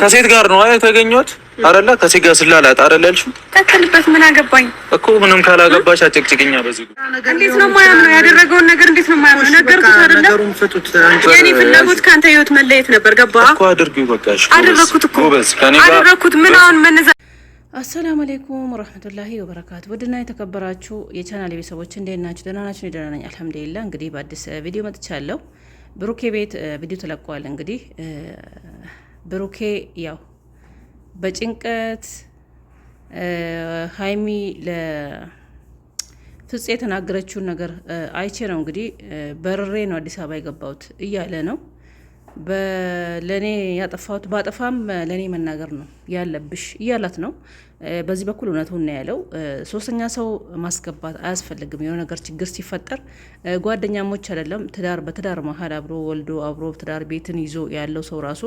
ከሴት ጋር ነው የተገኘሁት አይደለ? ከሴት ጋር ስላላት አይደለ ያልሽው? ከተልበት ምን አገባኝ እኮ ምንም ካላገባሽ አጨቅጭቅኛ። በዚህ እንዴት ነው የማያምነው? ያደረገውን ነገር እንዴት ነው ነው ነገርኩት አይደለ? የእኔ ፍላጎት ካንተ ህይወት መለየት ነበር። ገባህ እኮ አድርጊው። በቃሽ አደረኩት እኮ አደረኩት። ምን አሁን መነዛ አሰላሙ አሌይኩም ወረህመቱላሂ ወበረካቱ። ውድና የተከበራችሁ የቻናል ቤተሰቦች እንዴት ናችሁ? ደህና ናችሁ? እኔ ደህና ነኝ አልሐምዱሊላህ። እንግዲህ በአዲስ ቪዲዮ መጥቻለሁ። ብሩኬ ቤት ቪዲዮ ተለቋል። እንግዲህ ብሩኬ ያው በጭንቀት ሀይሚ ለፍጽ የተናገረችውን ነገር አይቼ ነው እንግዲህ በርሬ ነው አዲስ አበባ የገባሁት እያለ ነው ለእኔ ያጠፋሁት ባጠፋም ለእኔ መናገር ነው ያለብሽ እያላት ነው። በዚህ በኩል እውነቱን ነው ያለው። ሶስተኛ ሰው ማስገባት አያስፈልግም። የሆነ ነገር ችግር ሲፈጠር ጓደኛሞች አይደለም ትዳር በትዳር መሀል አብሮ ወልዶ አብሮ ትዳር ቤትን ይዞ ያለው ሰው ራሱ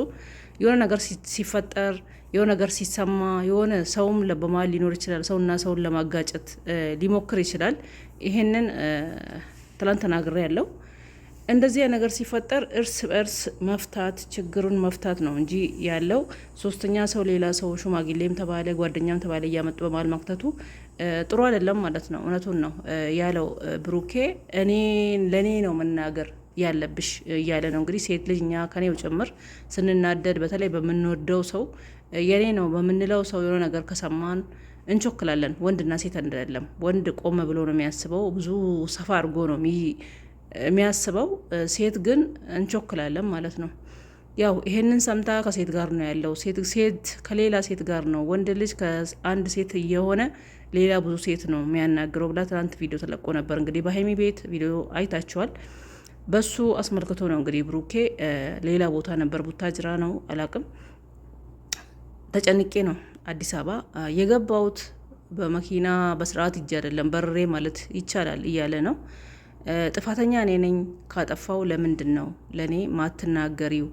የሆነ ነገር ሲፈጠር የሆነ ነገር ሲሰማ የሆነ ሰውም በመሀል ሊኖር ይችላል። ሰውና ሰውን ለማጋጨት ሊሞክር ይችላል። ይሄንን ትላንት ተናግሬ ያለው እንደዚያ ነገር ሲፈጠር እርስ በእርስ መፍታት ችግሩን መፍታት ነው እንጂ ያለው ሶስተኛ ሰው ሌላ ሰው ሽማግሌም ተባለ ጓደኛም ተባለ እያመጡ በመሀል መክተቱ ጥሩ አይደለም ማለት ነው። እውነቱን ነው ያለው ብሩኬ። እኔ ለእኔ ነው መናገር ያለብሽ እያለ ነው እንግዲህ። ሴት ልጅ እኛ ከኔው ጭምር ስንናደድ በተለይ በምንወደው ሰው የኔ ነው በምንለው ሰው የሆነ ነገር ከሰማን እንቾክላለን። ወንድና ሴት አይደለም። ወንድ ቆመ ብሎ ነው የሚያስበው። ብዙ ሰፋ አድርጎ ነው የሚያስበው ሴት ግን እንቾክላለን ማለት ነው። ያው ይሄንን ሰምታ ከሴት ጋር ነው ያለው፣ ሴት ከሌላ ሴት ጋር ነው፣ ወንድ ልጅ ከአንድ ሴት እየሆነ ሌላ ብዙ ሴት ነው የሚያናግረው ብላ ትናንት ቪዲዮ ተለቆ ነበር። እንግዲህ በሀይሚ ቤት ቪዲዮ አይታችኋል። በሱ አስመልክቶ ነው እንግዲህ ብሩኬ ሌላ ቦታ ነበር፣ ቡታጅራ ነው አላቅም። ተጨንቄ ነው አዲስ አበባ የገባሁት በመኪና በስርዓት እጅ አይደለም በርሬ ማለት ይቻላል እያለ ነው ጥፋተኛ እኔ ነኝ ካጠፋው ለምንድን ነው ለእኔ ማትናገሪው?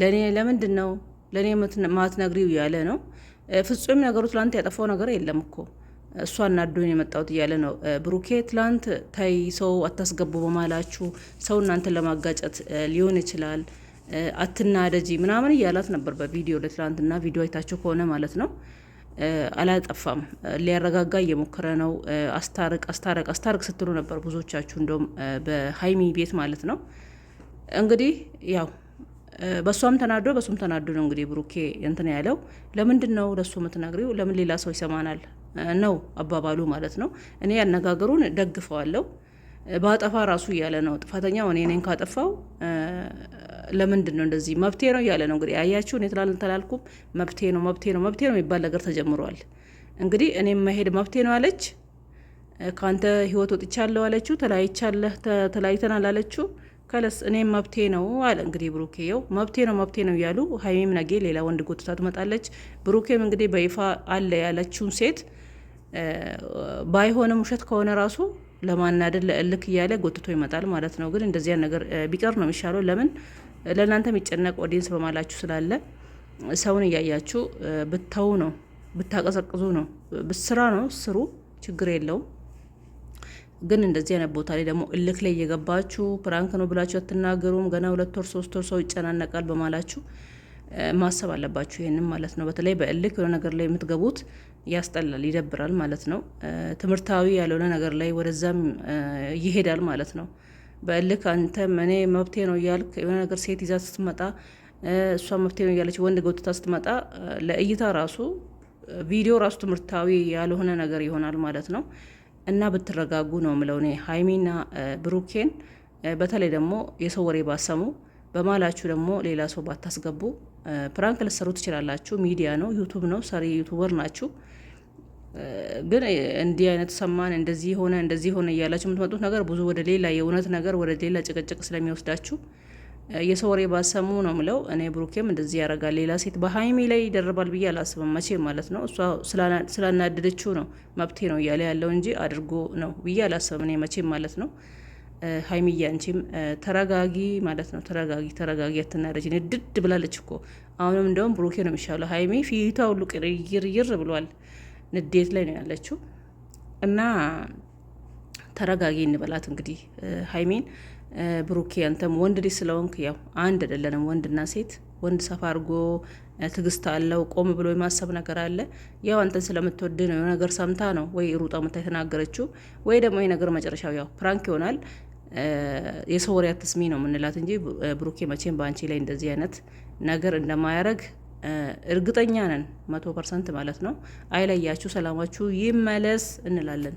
ለእኔ ለምንድን ነው ለእኔ ማትነግሪው? እያለ ነው ፍጹም ነገሩ። ትላንት ያጠፋው ነገር የለም እኮ እሷ እናዶን የመጣሁት እያለ ነው ብሩኬ። ትላንት ታይ ሰው አታስገቡ በማላችሁ ሰው እናንተን ለማጋጨት ሊሆን ይችላል አትናደጂ ምናምን እያላት ነበር በቪዲዮ ለትላንትና ቪዲዮ አይታችሁ ከሆነ ማለት ነው አላጠፋም። ሊያረጋጋ እየሞከረ ነው። አስታርቅ አስታርቅ አስታርቅ ስትሉ ነበር ብዙዎቻችሁ፣ እንደውም በሀይሚ ቤት ማለት ነው። እንግዲህ ያው በእሷም ተናዶ በእሱም ተናዶ ነው እንግዲህ ብሩኬ እንትን ያለው። ለምንድን ነው ለእሱ የምትናግሪው? ለምን ሌላ ሰው ይሰማናል ነው አባባሉ ማለት ነው። እኔ ያነጋገሩን ደግፈዋለሁ። በአጠፋ ራሱ እያለ ነው ጥፋተኛው እኔ ነኝ ካጠፋው ለምንድን ነው እንደዚህ መብቴ ነው እያለ ነው እንግዲህ አያችሁ። እኔ ትላልን ተላልኩም መብቴ ነው መብቴ ነው መብቴ ነው የሚባል ነገር ተጀምሯል። እንግዲህ እኔም መሄድ መብቴ ነው አለች። ከአንተ ህይወት ወጥቻለሁ አለችው። ተለያይቻለህ ተለያይተናል አለችው። ከለስ እኔም መብቴ ነው አለ እንግዲህ ብሩኬ። ው መብቴ ነው መብቴ ነው እያሉ ሀይሚም ነጌ ሌላ ወንድ ጎትታ ትመጣለች። ብሩኬም እንግዲህ በይፋ አለ ያለችውን ሴት ባይሆንም ውሸት ከሆነ ራሱ ለማናደድ ለእልክ እያለ ጎትቶ ይመጣል ማለት ነው። ግን እንደዚያ ነገር ቢቀር ነው የሚሻለው ለምን ለእናንተ የሚጨነቅ ኦዲየንስ በማላችሁ ስላለ ሰውን እያያችሁ ብተው ነው ብታቀዘቅዙ ነው ብስራ ነው ስሩ፣ ችግር የለውም። ግን እንደዚህ አይነት ቦታ ላይ ደግሞ እልክ ላይ እየገባችሁ ፕራንክ ነው ብላችሁ አትናገሩም። ገና ሁለት ወር ሶስት ወር ሰው ይጨናነቃል በማላችሁ ማሰብ አለባችሁ። ይህንም ማለት ነው። በተለይ በእልክ የሆነ ነገር ላይ የምትገቡት ያስጠላል፣ ይደብራል ማለት ነው። ትምህርታዊ ያልሆነ ነገር ላይ ወደዛም ይሄዳል ማለት ነው። በልክ አንተ እኔ መብቴ ነው እያልክ የሆነ ነገር ሴት ይዛ ስትመጣ እሷ መብቴ ነው እያለች ወንድ ጎትታ ስትመጣ ለእይታ ራሱ ቪዲዮ ራሱ ትምህርታዊ ያልሆነ ነገር ይሆናል ማለት ነው። እና ብትረጋጉ ነው ምለው እኔ ሀይሚና ብሩኬን በተለይ ደግሞ የሰው ወሬ ባሰሙ በማላችሁ ደግሞ ሌላ ሰው ባታስገቡ። ፕራንክ ልሰሩ ትችላላችሁ። ሚዲያ ነው፣ ዩቱብ ነው፣ ሰሪ ዩቱበር ናችሁ። ግን እንዲህ አይነት ሰማን እንደዚህ ሆነ እንደዚህ ሆነ እያላችሁ የምትመጡት ነገር ብዙ ወደ ሌላ የእውነት ነገር ወደ ሌላ ጭቅጭቅ ስለሚወስዳችሁ የሰው ወሬ ባሰሙ ነው ምለው። እኔ ብሩኬም እንደዚህ ያደርጋል ሌላ ሴት በሀይሚ ላይ ይደርባል ብዬ አላስብም መቼ ማለት ነው። እሷ ስላናደደችው ነው መብቴ ነው እያለ ያለው እንጂ አድርጎ ነው ብዬ አላስብም እኔ መቼም ማለት ነው። ሀይሚዬ አንቺም ተረጋጊ ማለት ነው። ተረጋጊ ተረጋጊ፣ አትናደጂ። ንድድ ብላለች እኮ አሁንም። እንደውም ብሩኬ ነው የሚሻለው። ሀይሚ ፊቷ ሁሉ ቅርይርይር ብሏል። ንዴት ላይ ነው ያለችው እና ተረጋጊ እንበላት እንግዲህ ሀይሜን። ብሩኬ አንተም ወንድ ልጅ ስለሆንክ ያው አንድ አይደለንም ወንድና ሴት። ወንድ ሰፋ አድርጎ ትግስት አለው፣ ቆም ብሎ የማሰብ ነገር አለ። ያው አንተን ስለምትወድ ነው ነገር ሰምታ ነው ወይ ሩጣ ምታ የተናገረችው፣ ወይ ደግሞ የነገር መጨረሻው ያው ፕራንክ ይሆናል። የሰው ወሬ አትስሚ ነው የምንላት እንጂ ብሩኬ መቼም በአንቺ ላይ እንደዚህ አይነት ነገር እንደማያረግ እርግጠኛ ነን መቶ ፐርሰንት ማለት ነው። አይለያችሁ፣ ሰላማችሁ ይመለስ እንላለን።